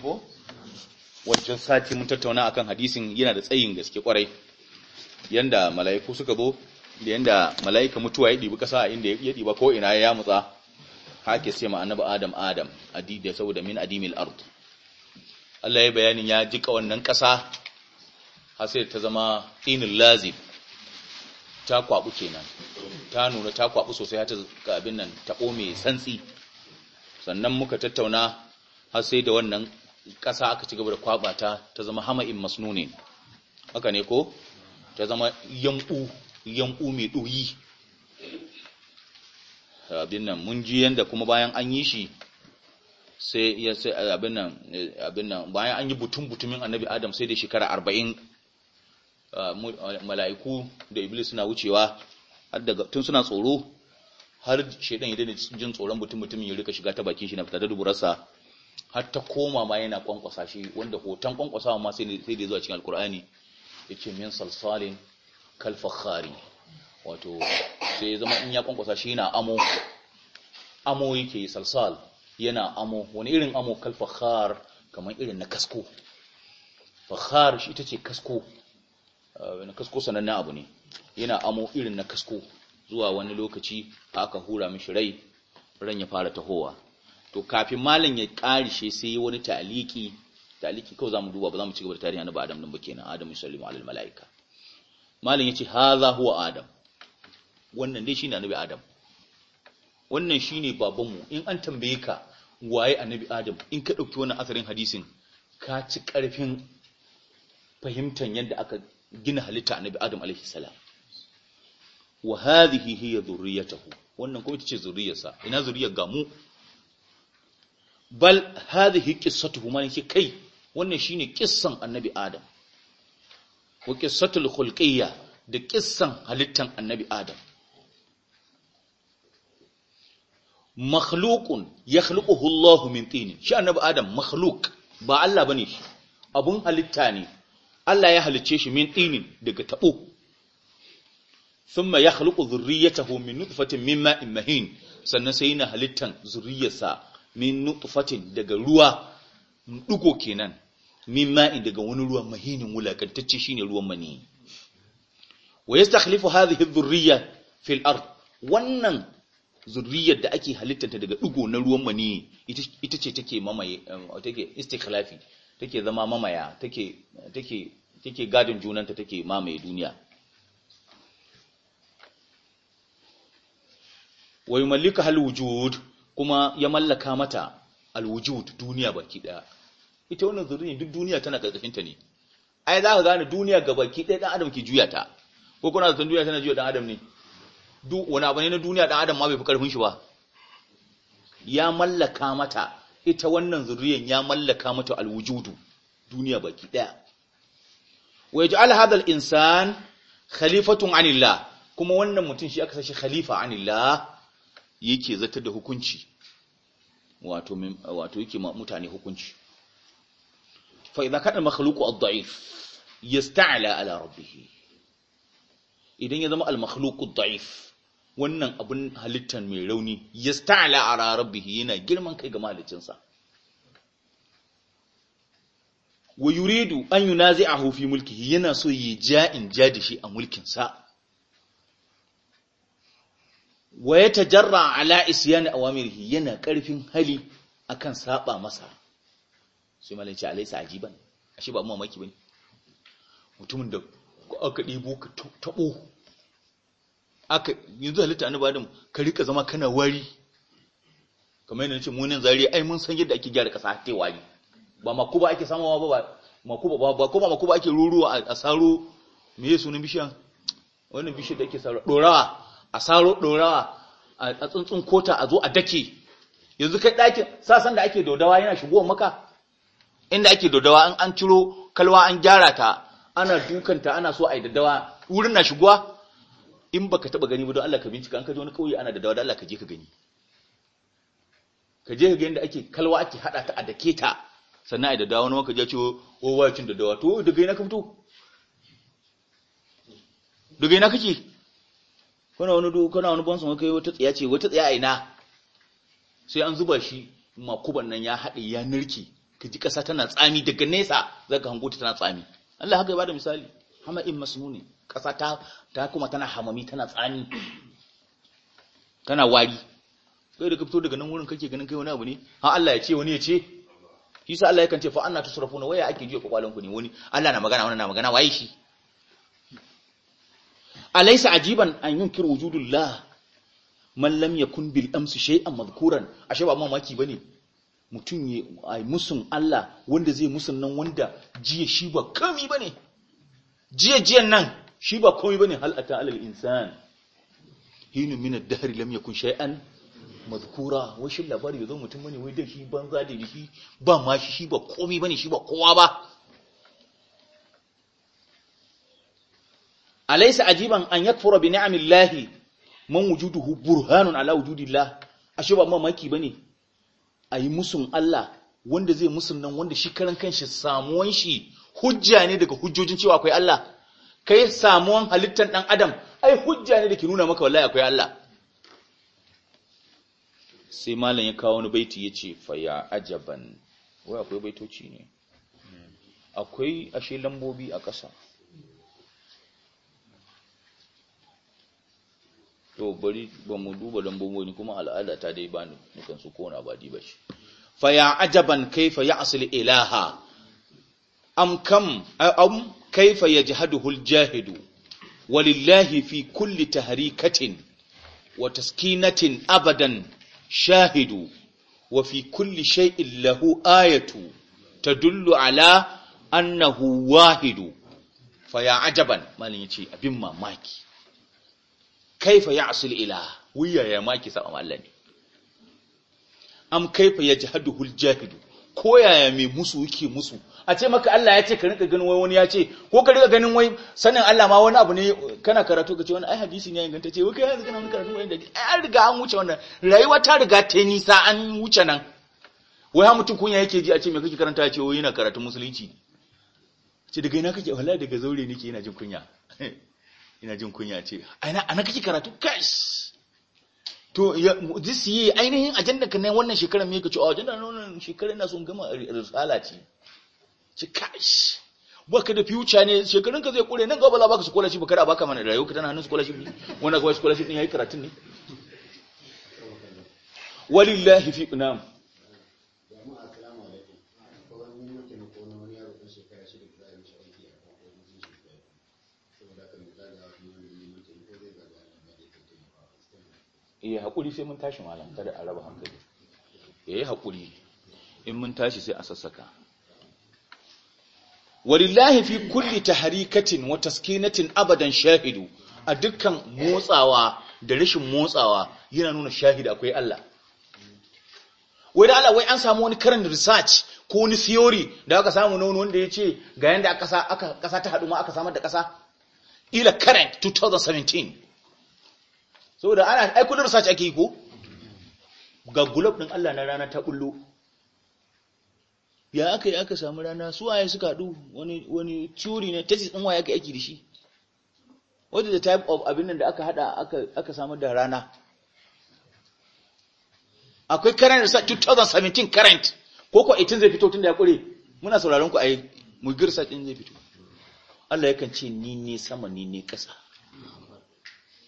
ko wancan sati mun tattauna akan hadisin yana da tsayin gaske kwarai yanda mala'iku suka zo da yanda mala'ika mutuwa ya ɗibi kasa inda ya ɗiba ko ina ya mutsa hake sai ma annabi adam adam adida saboda min adimil ard Allah ya bayani ya jika wannan kasa har sai ta zama inil lazib ta kwabu kenan ta nuna ta kwabu sosai har ta ga abin nan ta kome santsi sannan muka tattauna har sai da wannan ƙasa aka ci gaba da kwabata ta ta zama hama'in masnune haka ne ko ta zama yanku yanku mai ɗoyi abin nan mun ji yanda kuma bayan an yi shi sai ya sai abin nan abin nan bayan an yi butun butumin annabi adam sai da shekara 40 mala'iku da iblis suna wucewa har daga tun suna tsoro har shedan idan jin tsoron butun butumin ya rika shiga ta bakin shi na fita da duburarsa har ta koma ma yana kwankwasa shi wanda hoton kwankwasa ma sai da zuwa cikin alkur'ani ce min salsalin kalfahari wato sai ya zama in ya kwankwasa shi yana amo amo yake salsal yana amo wani irin amo kal kamar irin na kasko fahar shi ita ce kasko eh, na kasko sanannen abu ne yana amo irin na kasko zuwa wani lokaci aka hura mishi rai ran ya fara tahowa to kafin malam ya karishe sai yi wani taliki. Taliki kawai zamu duba ba zamu ci gaba da tarihin annabi Adam din ba kenan Adam sallallahu alaihi malaika malam yace haza huwa Adam wannan dai shine annabi Adam wannan shine babanmu in an tambaye ka waye annabi Adam in ka dauki wannan asarin hadisin ka ci karfin fahimtar yadda aka gina halitta annabi Adam alaihi salam wa hadhihi hiya dhurriyyatuhu wannan kuma ita ce zuriyarsa ina zuriyar gamu bal hadhihi qissatuhu man kai wannan shine kissan annabi adam wa qissatul khulqiyya da kissan halittan annabi adam makhluqun yakhluquhu Allah min tin shi annabi adam makhluq ba Allah bane shi abun halitta ne Allah ya halicce shi min tinin daga tabo thumma yakhluqu dhurriyyatahu min nutfatin min ma'in mahin sannan sai yana halittan zuriyarsa min nutfatin daga ruwa dugo kenan min ma'in daga wani ruwa mahinin wulakantacce shine ruwan mani wa yastakhlifu hadhihi adh-dhurriyya fil ard wannan zurriyar da ake halittanta daga dugo na ruwan mani ita ce take mamaye eh, take istikhlafi take zama mamaya take take take gadin junanta take mamaye duniya wa yumallika hal wujud kuma ya mallaka mata alwujud duniya baki daya ita wannan zuriya duk duniya tana karkashin ta ne ai za ka gane duniya ga baki daya dan adam ke juya ta ko kuna zaton duniya tana juya dan adam ne duk wani abu ne na duniya dan adam ma bai fi karfin shi ba ya mallaka mata ita wannan zurriyan ya mallaka mata alwujudu duniya baki daya wa yaj'al hadha al-insan khalifatun anillah kuma wannan mutum shi aka sashi khalifa anillah yake zata da hukunci wato wato yake mutane hukunci fa idan kada makhluqu ad-da'if yasta'ala ala rabbih idan ya zama al-makhluqu ad-da'if wannan abun halittar mai rauni yasta'ala ala rabbih yana girman kai ga mahaliccinsa wa yuridu an yunazi'ahu fi mulkihi yana so yi ja'in ja da shi a mulkinsa wa ya tajarra ala isyani awamirhi yana karfin hali akan saba masa sai malaici alaysa ajiban ashe ba mu mamaki bane mutumin da aka dibo ka tabo aka yanzu halitta da mu ka rika zama kana wari kamar yana nace mu zari ai mun san yadda ake gyara kasa ta wari ba ba ake samawa ba ba makuba ba ba kuma ba ake ruruwa a saro me sunan bishiyan wannan bishiyar da ake saro dorawa a saro ɗorawa a tsuntsun kota a zo a dake yanzu kai ɗakin sasan da ake dodawa yana shigo maka inda ake dodawa an an ciro kalwa an gyara ta ana dukanta ana so a yi daddawa wurin na shigowa in ba ka taɓa gani ba don Allah ka bincika an ka wani kauye ana daddawa da Allah ka je ka gani ka je ka ga yadda ake kalwa ake hada ta a dake ta sannan ai daddawa wani ka je ce o oh, wacin daddawa to daga ina ka fito daga ina kake kuna wani duk kuna wani bonson kai wata tsaya ce wata tsaya aina sai an zuba shi makuban nan ya haɗe ya nirki ka ji ƙasa tana tsami daga nesa zaka hango ta tana tsami Allah haka ya bada misali hama in masnuni ƙasa ta ta kuma tana hamami tana tsami tana wari kai da ka fito daga nan wurin kake ganin kai wani abu ne ha Allah ya ce wani ya ce shi sa Allah ya kance fa anna tusrafuna waya ake jiya kwakwalen ku ne wani Allah na magana wani na magana waye shi alaysa ajiban an yunkiru wujudullah man lam yakun bil amsi shay'an madhkuran ashe ba mamaki bane mutum ya ai musun Allah wanda zai musun nan wanda jiya shi ba kami bane jiye jiyan nan shi ba komai bane hal ata alal insan hinu min ad-dahr lam yakun shay'an madhkura washin labari yazo mutum bane wai da shi banza da shi ba ma shi ba komai bane shi ba kowa ba alaysa ajiban an yakfura bi ni'amillahi man wujuduhu burhanun ala wujudillah ashe ba maki bane ayi musun Allah wanda zai musun nan wanda shi karan kanshi samuwan shi hujja ne daga hujjojin cewa akwai Allah kai samuwan halittar dan adam ai hujja ne dake nuna maka wallahi akwai Allah sai malam ya kawo wani baiti yace fa ya ajaban wai akwai baitoci ne akwai ashe lambobi a ƙasa to bari ba mu duba wani kuma al'ada ta dai bani nukan su kona ba di ba. fa ya ajaban kaifa asali ilaha An kam am kaifa yajhaduhu al-jahidu walillahi fi kulli tahrikatin wa taskinatin abadan shahidu wa fi kulli shay'in lahu ayatu tadullu ala annahu wahidu fa ya ajaban malin yace abin mamaki kaifa ya asul ila. wuya ya maki saba Allah ne am kaifa yajhaduhu aljahidu ko yaya mai musu yake musu a ce maka Allah ya ce ka rinka ganin wai wani ya ce ko ka rinka ganin wai sanin Allah ma wani abu ne kana karatu ka ce wani ai hadisi ne inganta ce wai kai yanzu kana karatu wai da ai an riga an wuce wannan rayuwa ta riga ta nisa an wuce nan wai ha mutum kunya yake ji a ce me kake karanta ya ce wai yana karatu musulunci ce daga ina kake wallahi daga zaure nake ina jin kunya ina jin kunya ce aina ana kake karatu kais to this year ainihin ajandar ka ne wannan shekarar me kace a oh, ajanda wannan shekarar ina son gama risala ce ce kash baka da future ne shekarun ka zai kure nan gaba za baka scholarship ba kada baka mana ka tana hannun scholarship ne wannan gaba scholarship din yayi karatun ne walillahi fi nam ya eh, haƙuri sai mun tashi malam kada a raba hankali ya eh, yi haƙuri in mun tashi sai a sassaka walillahi fi kulli taharikatin wa taskinatin abadan shahidu a dukkan motsawa da rashin motsawa yana nuna shahida akwai Allah wai da Allah wai an samu wani karin research ko wani theory da aka samu nono wanda ya ce ga yanda aka kasa ta haɗu ma aka samar da kasa ila current 2017 saboda ana ai kullun research ake yi ko ga globe din Allah na rana ta bullo ya aka yi aka samu rana su waye suka haɗu wani wani theory ne thesis din waye aka aiki da shi what is the type of abin nan da aka hada aka aka samu da rana akwai current research 2017 current ko ko 18 zai fito tun da ya kure muna sauraron ku ai mu girsa din zai fito Allah yakan ce ni ne sama ni ne kasa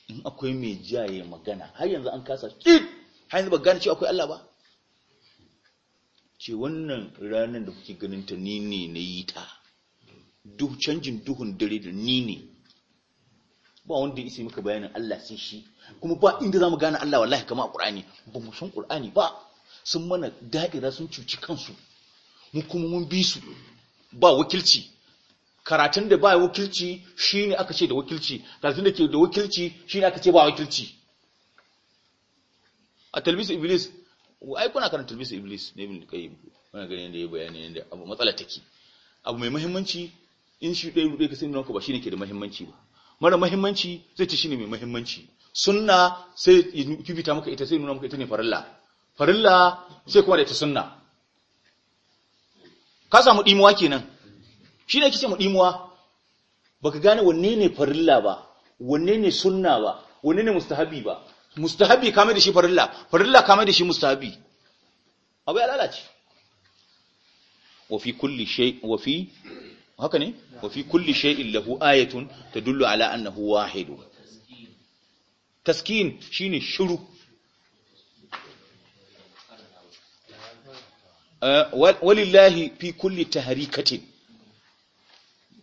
in akwai mai jiya ya magana har yanzu an kasa tsit har yanzu ba gane cewa akwai Allah ba ce wannan ranar da kuke ganin ta ni ne na yi ta duk canjin duhun dare da ni ne ba wanda ya isa maka bayanin Allah sai shi kuma ba inda mu gane Allah wallahi kamar a Qur'ani ba mu san Qur'ani ba sun mana da'ira sun cuci kansu mu kuma mun bi su ba wakilci karatun da ba wakilci shine aka ce da wakilci karatun da ke da wakilci shine aka ce ba wakilci a talbisa iblis ai kuna karanta talbisa iblis ne ibn qayyim wannan ganin da ya bayani yanda abu matsala take abu mai muhimmanci in shi dai rude ka sai nan ba shine ke da muhimmanci ba mara muhimmanci zai ce shine mai muhimmanci sunna sai fifita maka ita sai nuna maka ita ne farilla farilla sai kuma da ita sunna ka samu dimuwa kenan shi ne kice mu dimuwa baka gane wanne ne farilla ba wanne ne sunna ba wanne ne mustahabi ba mustahabi kame da shi farilla farilla kame da shi mustahabi ya lalace wa fi kulli shay wa fi haka ne wa fi kulli shay'in lahu ayatun tadullu ala annahu wahid taskin shine shiru eh, walillahi fi kulli tahrikatin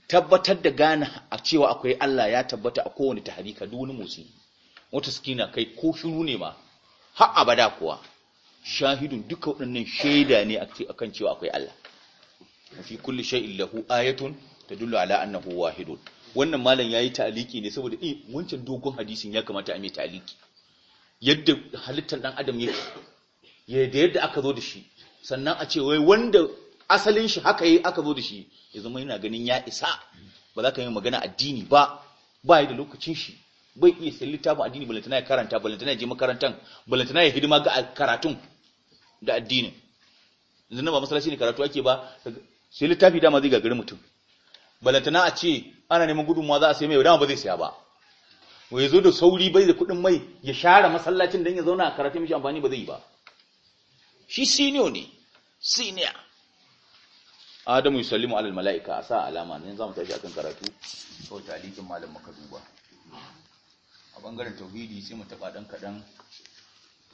tabbatar da gane a cewa akwai Allah ya tabbata a kowane tahari ka duk wani motsi wata sikina kai ko shiru ne ma har abada kuwa shahidun duka waɗannan shaida ne kan cewa akwai Allah fi kulli shay'in lahu ayatun tadullu ala annahu wahidun wannan malam yi ta'aliki ne saboda eh wancan dogon hadisin ya kamata a mai ta'aliki yadda halittar dan adam yake yadda yadda aka zo da shi sannan a ce wai wanda asalin shi haka yi aka zo da shi ya zama yana ganin ya isa ba za ka yi magana addini ba ba yi da lokacin shi bai iya sayi littafin addini balantana ya karanta balantana ya je makarantan balantana ya hidima ga karatun da addinin yanzu ba masalaci ne karatu ake ba sai littafi dama zai gagari mutum balantana a ce ana neman gudunmawa za a sai mai dama ba zai saya ba wa ya zo da sauri bai da kuɗin mai ya share masallacin don ya zauna a karatun mishi amfani ba zai yi ba shi senior ne senior adamu yusallimu alal mala'ika a sa alama ne za mu tashi akan karatu ko talikin malam maka duba a bangaren tauhidi sai mu taɓa ɗan kaɗan.